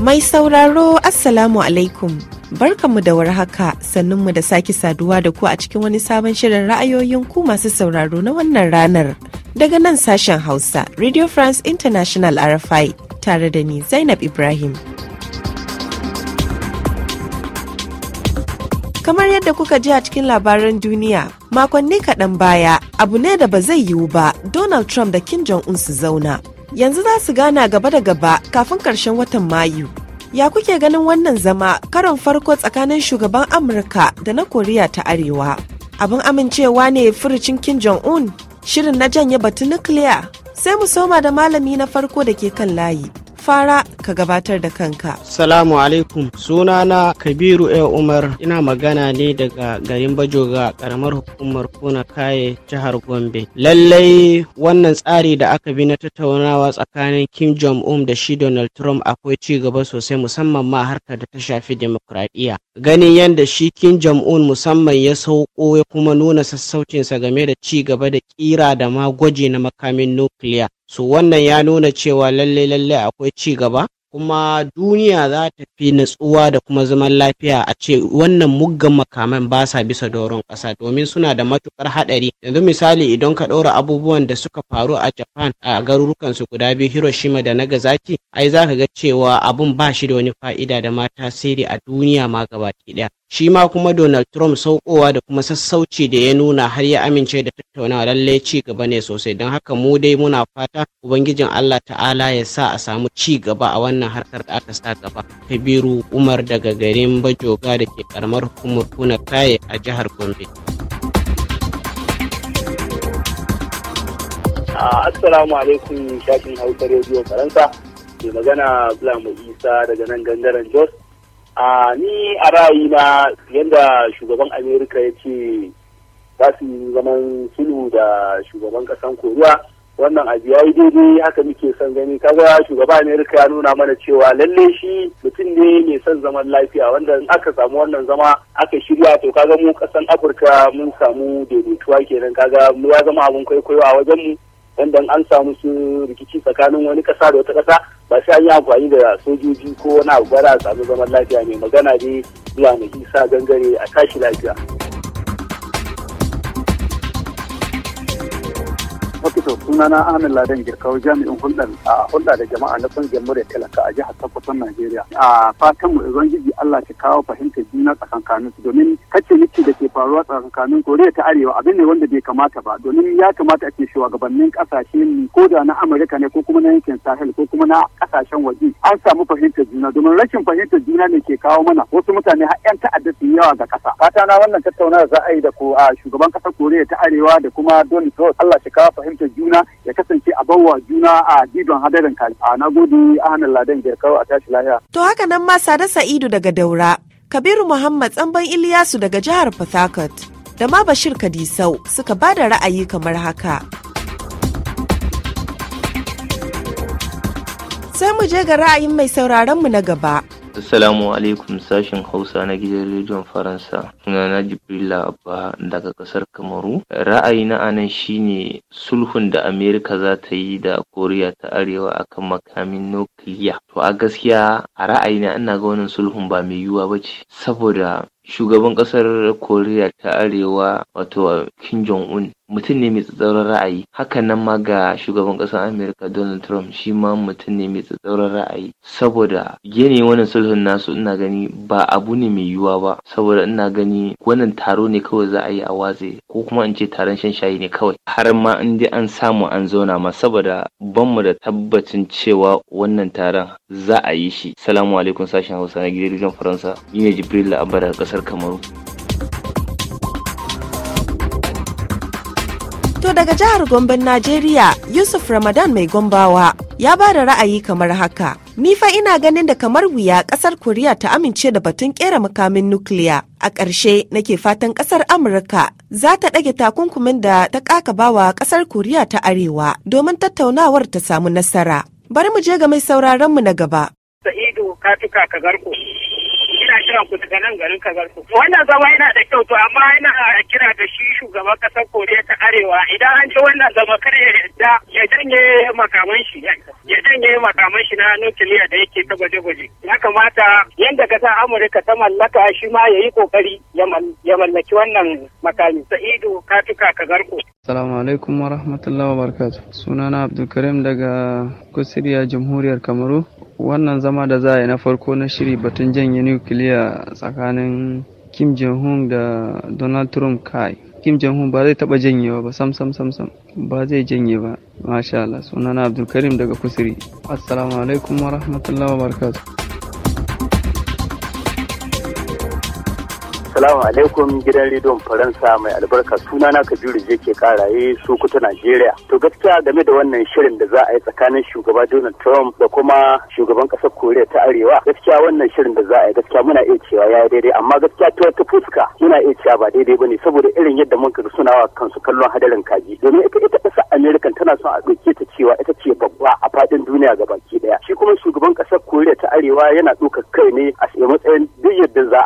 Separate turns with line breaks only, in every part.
Mai sauraro Assalamu alaikum. Barkanmu da warhaka sannunmu da sake saduwa da ku a cikin wani sabon shirin ra'ayoyin ku masu sauraro na wannan ranar. Daga nan sashen Hausa, Radio France International RFI tare da ni Zainab Ibrahim. Kamar yadda kuka ji a cikin labaran duniya, makonni kaɗan baya, abu ne da ba zai yiwu ba Donald Trump da Kim Jong-un su zauna. Yanzu za su gana gaba da gaba kafin ƙarshen watan Mayu. Ya kuke ganin wannan zama karon farko tsakanin shugaban Amurka da na Koriya ta Arewa. Abin amincewa ne furucin Kim Jong-un, shirin na janye batun nukiliya. Sai mu soma da malami na farko da ke kan layi. fara ka gabatar da kanka.
Salamu alaikum Suna na Kabiru A. Umar ina magana ne daga garin Bajoga karamar hukumar Kuna Kaye jihar Gombe. Lallai wannan tsari da aka bi na tattaunawa tsakanin Kim Jong-un da shi Donald Trump akwai ci gaba sosai musamman ma harkar da ta shafi demokradiyya. Ganin yadda shi Kim Jong-un musamman ya sauko ya kuma nuna sassaucinsa game da ci gaba da kira da ma gwaji na makamin nukiliya. Su wannan ya nuna cewa lalle lalle akwai ci gaba kuma duniya za ta fi natsuwa da kuma zaman lafiya a ce wannan muggan makaman ba sa bisa doron ƙasa domin suna da matukar haɗari yanzu misali idan ka ɗora abubuwan da suka faru a japan a garurukan su guda biyu hiroshima da nagasaki ai za ka ga cewa abun ba shi da wani fa'ida da mata tasiri a duniya ma gabaki ɗaya shi ma kuma donald trump saukowa da kuma sassauci da ya nuna har ya amince da tattaunawa lalle ci gaba ne sosai don haka mu dai muna fata ubangijin allah ta'ala ya sa a samu ci gaba a wannan harkar da aka sa gaba kabiru umar daga garin bajoga da ke karamar hukumar kuna kaye a jihar gombe
assalamu alaikum shafin hausa rediyo faransa mai magana bula isa daga nan gangaren jos a ni a ra'ayina yadda shugaban amerika ya ce za su yi zaman sulhu da shugaban kasan koriya wannan abu ya yi daidai haka muke son gani kaga shugaban amerika ya nuna mana cewa lalle shi mutum ne mai son zaman lafiya wanda in aka samu wannan zama aka shirya to kaga mu kasan afirka mun samu daidaituwa kenan kaga mu ya zama abun kwaikwayo a wajen mu wanda an samu su rikici tsakanin wani kasa da wata kasa ba sai an yi amfani da sojoji ko wani abu ba za a samu zaman lafiya ne magana dai zuwa mai isa gangare a tashi lafiya. To sunana Amin Ladan Girkau jami'in hulɗar a hulɗa da jama'a na son jamhuriyar talaka a jihar Sokoto Najeriya. A fatan mu Ubangiji Allah ki kawo fahimtar juna tsakankanin su domin kace miki da ke faruwa tsakankanin Koriya ta Arewa abin ne wanda bai kamata ba domin ya kamata ake shugabannin ne ko da na Amurka ne ko kuma na yankin Sahel ko kuma na kasashen waje an samu fahimtar juna domin rashin fahimtar juna ne ke kawo mana wasu mutane har 'yan ta'adda su yawa ga kasa Fata na wannan tattaunawa za a yi da ko a shugaban kasar Koriya ta Arewa da kuma Donald Trump Allah shi kawo fahimtar juna ya kasance a bawa juna a gidon hadarin kali a nagode ahmed ladan jirkau a tashi lahiya.
to haka nan ma sada sa'idu daga daura kabiru muhammad tsamban iliyasu daga jihar port da ma bashir kadisau suka ba da ra'ayi kamar haka. sai mu je ga ra'ayin mai sauraronmu na gaba
Assalamu alaikum sashen Hausa na gidan rediyon Faransa. Sunana Jibrila Abba daga kasar Kamaru. Ra'ayina a nan shine sulhun da Amerika za ta yi da Koriya ta Arewa akan makamin nukiliya. To a gaskiya a ra'ayi na ana ga wannan sulhun ba mai yiwuwa ba ce saboda shugaban kasar Koriya ta Arewa wato Kim Jong Un mutum ne mai tsatsauran ra'ayi hakan nan ma ga shugaban ƙasar Amerika Donald Trump shi ma mutum ne mai tsatsauran ra'ayi saboda yanayin wannan sulhun nasu ina gani ba abu ne mai yiwuwa ba saboda ina gani wannan taro ne kawai za a yi a watse ko kuma in ce taron shan shayi ne kawai har ma in dai an samu an zauna ma saboda ban mu da tabbacin cewa wannan taron za a yi shi. Salamu alaikum sashen Hausa na gidan Faransa. Ni ne Jibril Abba daga kasar Kamaru.
daga jihar Gomben Najeriya Yusuf Ramadan mai gombawa ya ba da ra'ayi kamar haka. Ni fa ina ganin da kamar wuya kasar Koriya ta amince da batun kera makamin nukiliya. A ƙarshe nake fatan kasar Amurka za ta ɗage takunkumin da ta ƙaka bawa kasar Koriya ta Arewa domin tattaunawar ta samu nasara. Bari mu je ga mai sauraronmu na gaba.
Sa'idu ka tuka ka garko. ina kiran ku daga nan garin ku Wannan zama yana da kyau to amma ina kira da shi shugaban kasar Koriya ta Arewa idan an ji wannan zama kar ya yarda ya janye makaman shi ya janye makaman shi na nukiliya da yake ta gwaje-gwaje. Ya kamata yadda kasar Amurka ta mallaka shi ma ya yi kokari ya mallaki wannan makami. Sa'idu Katuka ku
Assalamu alaikum wa rahmatullahi wa barakatuh. Sunana Abdulkarim daga Kusiriya Jamhuriyar Kamaru. wannan zama da za a yi na farko na shiri batun janye nukiliya tsakanin kim jong-un da donald trump kai kim jong-un ba zai taba janyewa ba sam sam sam sam ba zai janye ba masha Allah sunana abdulkarim daga kusuri assalamu alaikum wa rahmatullahi wa barakatuh
Assalamu alaikum gidan rediyon Faransa mai albarka suna na Kabiru je ke karaye Sokoto Najeriya. To gaskiya game da wannan shirin da za a yi tsakanin shugaba Donald Trump da kuma shugaban kasar Koriya ta Arewa gaskiya wannan shirin da za a yi gaskiya muna iya cewa ya yi daidai amma gaskiya ta wata fuska muna iya cewa ba daidai ba ne saboda irin yadda mun kaga suna wa kansu kallon hadarin kaji domin ita ita kasar America tana son a ɗauke ta cewa ita ce babba a faɗin duniya gabaki ɗaya. Shi kuma shugaban kasar Koriya ta Arewa yana ɗaukar kai ne a matsayin duk yadda za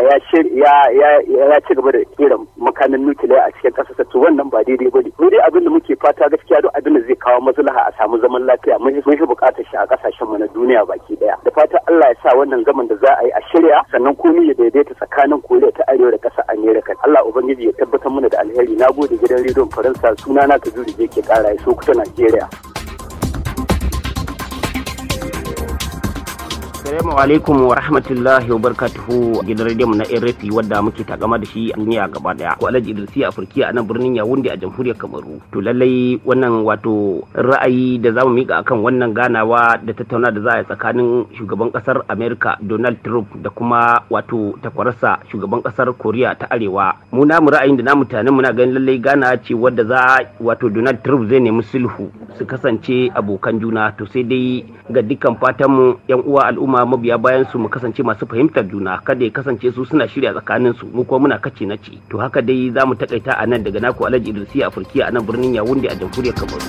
cewa ya ya ci gaba da kera makamin nukiliya a cikin ƙasarsa to wannan ba daidai bane mu dai abin da muke fata gaskiya duk abin da zai kawo maslaha a samu zaman lafiya mun mun shi bukatar shi a kasashen mu na duniya baki daya da fatan Allah ya sa wannan zaman da za a yi a shirya sannan komai ya daidaita tsakanin Koriya ta Arewa da kasa Amerika Allah ubangiji ya tabbatar mana da alheri nagode gidan rediyon Faransa sunana Kajuri je ke ƙara so kuta Najeriya
Assalamu alaikum wa rahmatullahi wa barakatuhu gidan rediyon na RFI wadda muke takama da shi a duniya gaba daya. Ko Alhaji Idrisi a afirki a nan birnin wunde a jamhuriyar Kamaru. To lallai wannan wato ra'ayi da zamu mika akan wannan ganawa da tattauna da za a yi tsakanin shugaban kasar Amerika Donald Trump da kuma wato takwararsa shugaban kasar Koriya ta Arewa. Mu mu ra'ayin da na mutanen muna ganin lallai gana ce wadda za wato Donald Trump zai nemi sulhu su kasance abokan juna to sai dai ga dukkan fatanmu yan uwa al'umma kuma mabiya bayan su mu kasance masu fahimtar juna kada ya kasance su suna shirya tsakanin su mu kuma muna kace na ce to haka dai za mu takaita a nan daga naku Alhaji Idrisi a furki a nan birnin Yawunde a jamhuriyar Kamaru.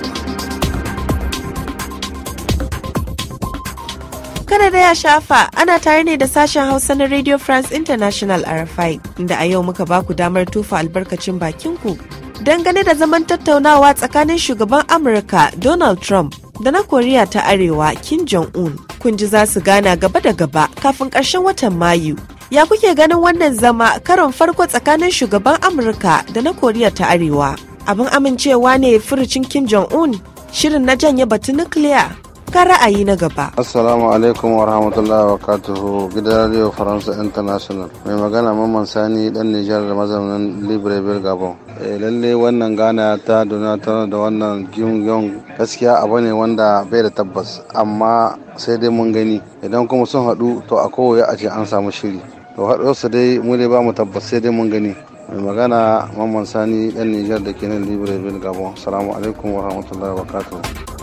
kada da ya shafa ana tare ne da sashen hausa na radio france international rfi inda a yau muka baku damar tufa albarkacin bakin ku dangane da zaman tattaunawa tsakanin shugaban amurka donald trump da na koriya ta arewa kim jong-un kun ji za su gana gaba da gaba kafin ƙarshen watan mayu ya kuke ganin wannan zama karon farko tsakanin shugaban amurka da na koriya ta arewa abin amincewa ne furucin kim jong-un shirin na janye batun nukiliya ga ra'ayi na gaba.
Assalamu alaikum wa rahmatullahi wa katuhu gidan Radio Faransa International. Mai magana Mamman Sani dan Nijar da mazaunin Libreville Gabon. Eh, lalle wannan gana ta donatar da wannan Gyung gaskiya abu ne wanda bai da tabbas amma sai dai mun gani idan kuma sun haɗu to a kowaye a ce an samu shiri. To haɗuwarsu dai mu ne ba mu tabbas sai dai mun gani. mai magana mamman sani dan nijar da kenan libreville gabon salamu alaikum wa rahmatullahi wa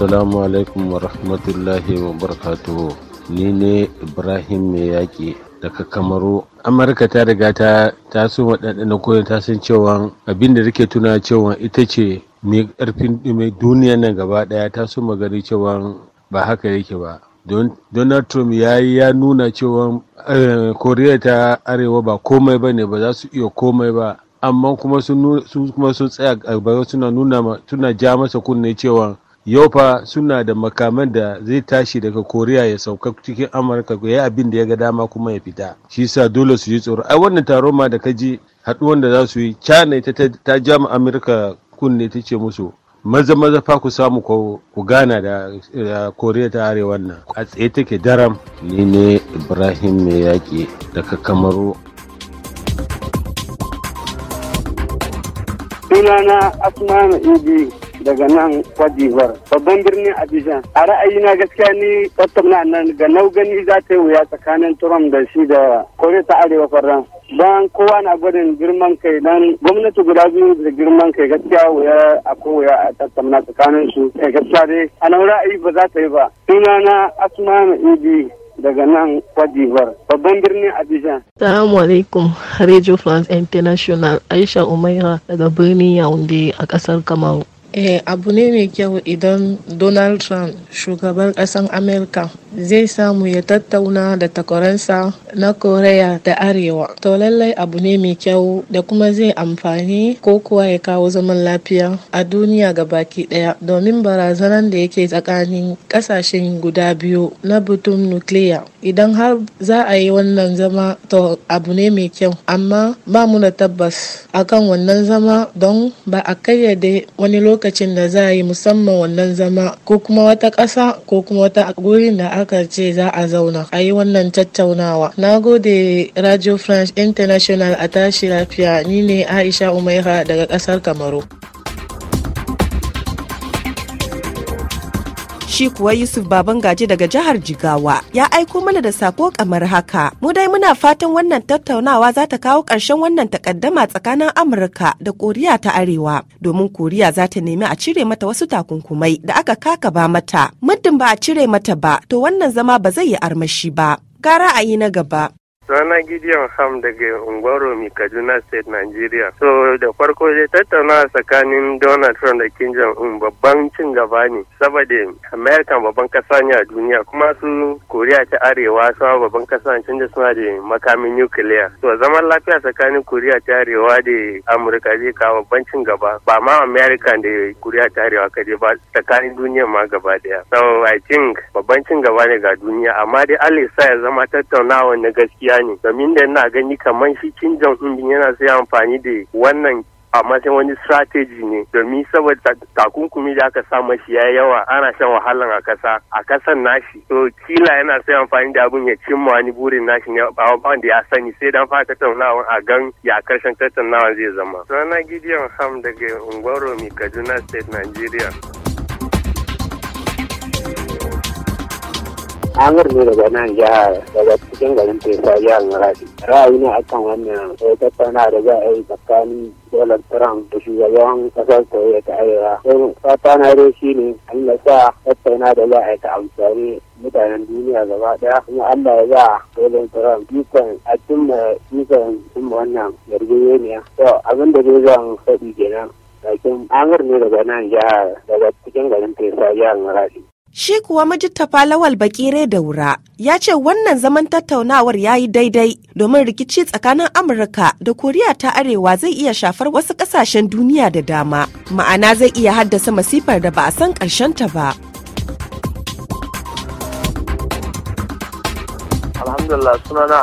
assalamu alaikum wa rahmatullahi
wa barakatuhu ni ne ibrahim mai yaƙi daga kamaru
amurka ta riga ta taso ɗanɗana koyon ta san cewa abin da rike tuna cewa ita ce mai ƙarfin duniya nan gaba ɗaya ta so magani cewa ba haka yake ba donald trump ya yi ya nuna cewa eh, koriya ta arewa ba komai ba ne ba za su iya komai ba amma kuma sun tsaya a suna nuna tuna ja masa kunne cewa yau fa suna da makaman da zai tashi daga koriya ya sauka cikin amurka ya yi abin da ya ga dama kuma ya fita shi sa dole su yi tsoro ai wannan taro ma da ka ji haɗuwan da za su yi china ita ta ja mu amurka kunne ta ce musu maza maza fa ku samu ku gana da koriya ta arewa nan a tsaye take daram
ni ne ibrahim mai yaƙi daga kamaru
sunana asmanu idi daga nan kwadivar babban birnin abijan. a ra'ayina gaskiya ni tattauna nan ga naugani za ta yi wuya tsakanin trump da shi da kore ta arewa faran don kowa na gwadin girman kai don gwamnati guda biyu da girman kai gaskiya wuya a wuya a tattauna tsakanin su eh, gaskiya dai a nan ra'ayi ba za ta yi ba sunana asma idi daga nan kwadivar babban birnin abijan.
salamu alaikum radio france international aisha umaira daga birnin yaounde a kasar kamaru Eh, abu ne mai kyau idan Donald Trump shugaban ƙasar Amurka zai samu ya tattauna da takwaransa na Koreya da Arewa. To lallai abu ne mai kyau da kuma zai amfani ko kuwa ya kawo zaman lafiya a duniya ga baki ɗaya domin barazanar da yake tsakanin ƙasashen guda biyu na butun nukiliya. Idan har za a yi wannan zama to abu ne mai kyau amma ba mu da tabbas akan wannan zama don ba a kayyade wani lokaci lokacin da za a yi musamman wannan zama ko kuma wata ƙasa ko kuma wata gurin da aka ce za a zauna a yi wannan tattaunawa na gode radio france international a tashi lafiya ni ne aisha umaira daga ƙasar kamaru Shi kuwa Yusuf Baban Gaji daga jihar Jigawa ya aiko mana da sako kamar haka. Mu dai muna fatan wannan tattaunawa za ta kawo ƙarshen wannan takaddama tsakanin Amurka da Koriya ta Arewa domin Koriya za ta nemi a cire mata wasu takunkumai da aka kaka ba mata. Muddin ba a cire mata ba to wannan zama ba zai yi armashi ba. Ga ra'ayi na gaba.
Sana Gideon Ham daga Ungwaromi, Kaduna State, Nigeria. So da farko zai tattauna tsakanin Donald Trump da Kim Jong-un babban cin gaba ne. Saboda America babban kasa ne a duniya kuma su Koriya ta Arewa su babban kasa ne tunda suna da makamin nukiliya. So zaman lafiya tsakanin Koriya ta Arewa da Amurka zai kawo babban cin gaba. Ba ma America da Koriya ta Arewa kaje ba tsakanin duniya ma gaba daya. So I think babban cin gaba ne ga duniya amma dai Allah ya zama tattaunawa na gaskiya ne domin da ina gani kamar shi kin Jong Un yana sai amfani da wannan a matsayin wani strategy ne domin saboda takunkumi da aka sa shi ya yawa ana shan wahalan a kasa a kasan nashi to kila yana sai amfani da abin ya cimma wani burin nashi ne ba wanda ya sani sai dan fara tattaunawa a gan ya karshen tattaunawa zai zama sunana gideon ham daga ungwaro kaduna state nigeria
amur ne daga nan jihar daga cikin garin Tefa jihar Maradi. Ra'ayi ne akan wannan tattauna da za a yi tsakanin Donald Trump da shugaban kasar Koriya ta Arewa. Sai fata na dai shi ne Allah sa tattauna da za a yi ta amfani mutanen duniya gaba daya kuma Allah ya za Donald Trump dukan a cimma dukan cimma wannan yarjejeniya. To abin da zai zan faɗi kenan. Bakin amur ne daga nan jihar daga cikin garin Tefa jihar Maradi.
Shi kuwa Mujittafa Lawal Bakire Wura, ya ce wannan zaman tattaunawar ya yi daidai domin rikici tsakanin Amurka da Koriya ta Arewa zai iya shafar wasu ƙasashen duniya da dama. Ma'ana zai iya haddasa masifar da ba a san ƙarshenta ba.
alhamdulillah sunana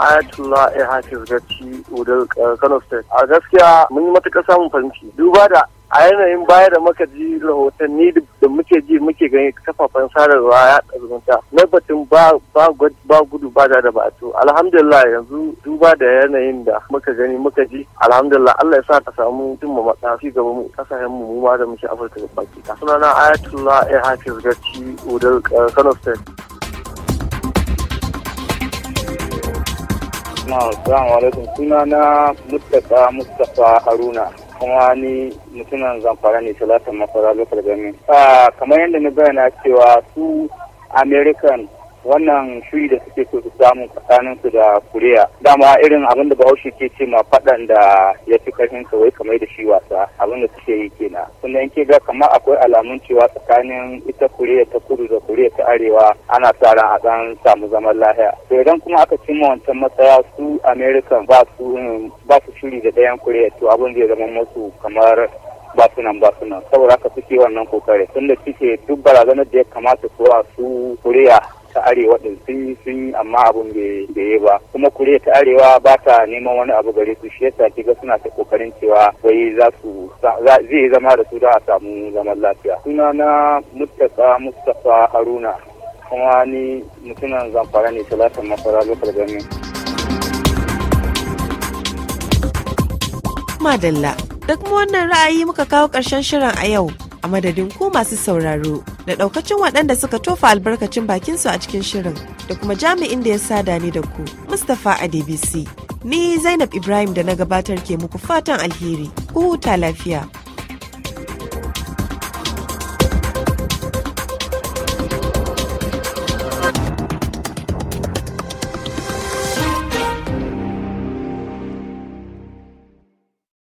eh, kano state a gaskiya mun yi matuƙar samun fahimci duba da a yanayin baya da muka ji rahotanni da muke ji muke gani kafafen sadarwa ya zumunta na batun ba gudu ba da ba to alhamdulillah yanzu duba da yanayin da muka gani muka ji alhamdulillah Allah ya sa ta samu tun cimma fi gaba mu kasashen mu ma da muke Afirka da baki ta na Ayatullah ya Hafiz Gaci odar uh, Kano State Assalamu alaikum suna na Mustapha Mustapha Haruna kuma ni mutumin zamfara ne talatin mafara lokal gami ah, kamar yadda na bayyana cewa su american wannan shiri da suke so su samu tsakanin su da kuriya dama irin abin da bahaushe ke ce ma faɗan da ya fi karfin sa wai kamar da shi wasa abin da suke yi kenan sannan in ke ga kamar akwai alamun cewa tsakanin ita kuriya ta kudu da kuriya ta arewa ana sa ran a dan samu zaman lahiya to idan kuma aka cimma wancan matsaya su american ba su mm, ba su shiri da dayan kuriya to abin zai zama musu kamar ba su nan ba su nan saboda haka suke wannan kokari tunda suke duk barazanar da ya kamata su su kuriya ta arewa din sun sun yi amma abun da ya ba kuma kure ta arewa ba ta neman wani abu gare su shi yasa kiga suna ta kokarin cewa wai za su zai zama da su da a samu zaman lafiya suna na mutaka mustapha haruna kuma ni mutumin zamfara ne talatin masara lokal gani
madalla da kuma wannan ra'ayi muka kawo karshen shirin a yau a madadin ku masu sauraro da daukacin waɗanda suka tofa albarkacin bakinsu a cikin shirin da kuma jami'in da ya sada ni da ku Mustapha a dbc Ni Zainab Ibrahim da na gabatar ke muku fatan alheri, ku huta lafiya.